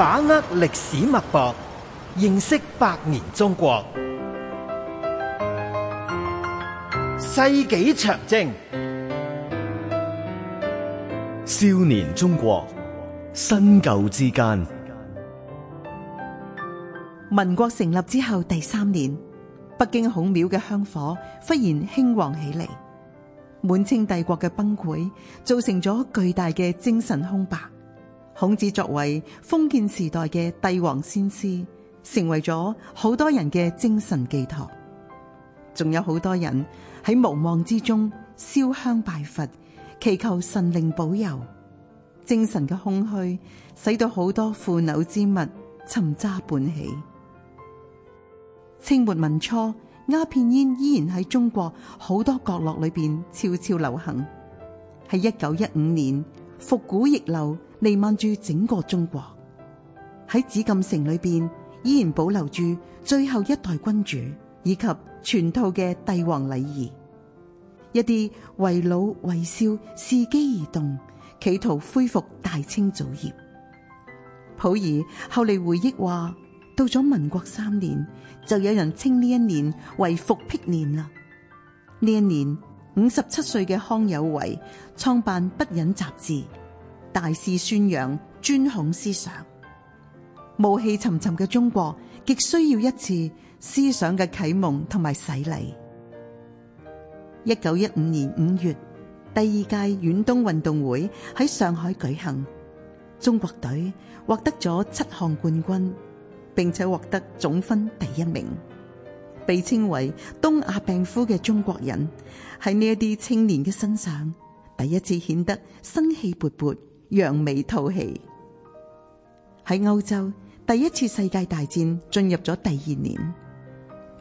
把握歷史脈搏，認識百年中國。世紀長征，少年中國，新舊之間。民國成立之後第三年，北京孔廟嘅香火忽然興旺起嚟。滿清帝國嘅崩潰，造成咗巨大嘅精神空白。孔子作為封建時代嘅帝王先師，成為咗好多人嘅精神寄託。仲有好多人喺無望之中燒香拜佛，祈求神靈保佑。精神嘅空虛，使到好多腐朽之物，沉渣泛起。清末民初，鴉片煙依然喺中國好多角落裏邊悄悄流行。喺一九一五年。復古逆流彌漫住整個中國，喺紫禁城裏邊依然保留住最後一代君主以及全套嘅帝王禮儀，一啲遺老遺少伺機而動，企圖恢復大清祖業。溥儀後嚟回憶話，到咗民國三年，就有人稱呢一年為復辟年啦。呢一年。五十七歲嘅康有為創辦《不忍》雜誌，大肆宣揚尊孔思想。霧氣沉沉嘅中國，極需要一次思想嘅啟蒙同埋洗禮。一九一五年五月，第二屆遠東運動會喺上海舉行，中國隊獲得咗七項冠軍，並且獲得總分第一名。被稱為東亞病夫嘅中國人喺呢一啲青年嘅身上，第一次顯得生氣勃勃、揚眉吐氣。喺歐洲，第一次世界大戰進入咗第二年，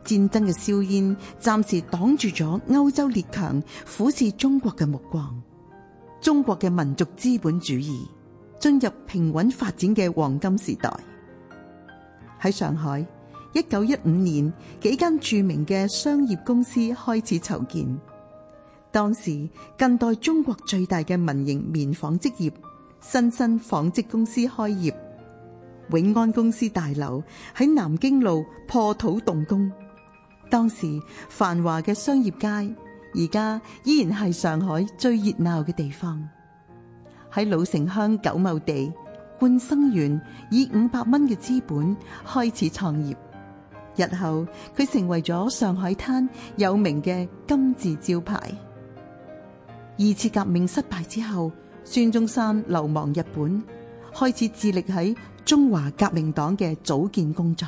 戰爭嘅硝煙暫時擋住咗歐洲列強俯視中國嘅目光。中國嘅民族資本主義進入平穩發展嘅黃金時代。喺上海，一九一五年，幾間著名嘅商業公司開始籌建。當時近代中國最大嘅民營棉紡織業申新紡織公司開業，永安公司大樓喺南京路破土動工。當時繁華嘅商業街，而家依然係上海最熱鬧嘅地方。喺老城廂九畝地冠生園，以五百蚊嘅資本開始創業。日後佢成為咗上海灘有名嘅金字招牌。二次革命失敗之後，孫中山流亡日本，開始致力喺中華革命黨嘅組建工作，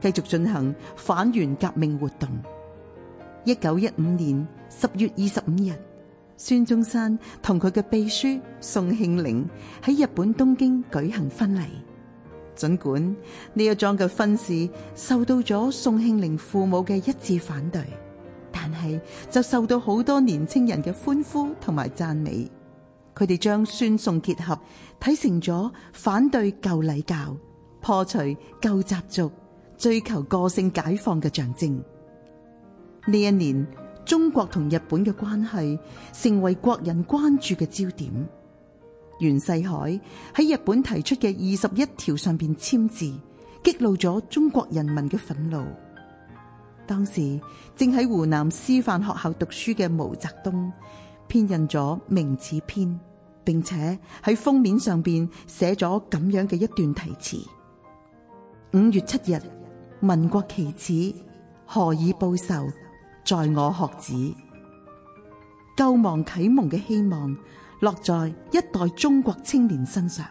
繼續進行反袁革命活動。一九一五年十月二十五日，孫中山同佢嘅秘書宋慶齡喺日本東京舉行婚禮。盡管呢一樁嘅婚事受到咗宋慶齡父母嘅一致反對，但係就受到好多年青人嘅歡呼同埋讚美。佢哋將孫宋結合睇成咗反對舊禮教、破除舊習俗、追求個性解放嘅象徵。呢一年，中國同日本嘅關係成為國人關注嘅焦點。袁世凱喺日本提出嘅二十一條上邊簽字，激怒咗中國人民嘅憤怒。當時正喺湖南師範學校讀書嘅毛澤東，編印咗《明恥篇》，並且喺封面上邊寫咗咁樣嘅一段題詞：五月七日，民國奇恥，何以報仇？在我學子，救亡啟蒙嘅希望落在一代中國青年身上。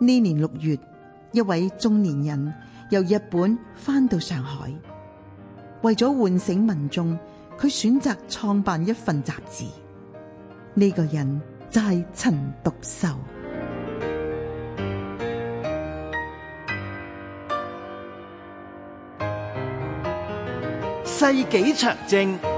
呢年六月，一位中年人由日本返到上海，為咗喚醒民眾，佢選擇創辦一份雜誌。呢、這個人就係陳獨秀。世紀長征。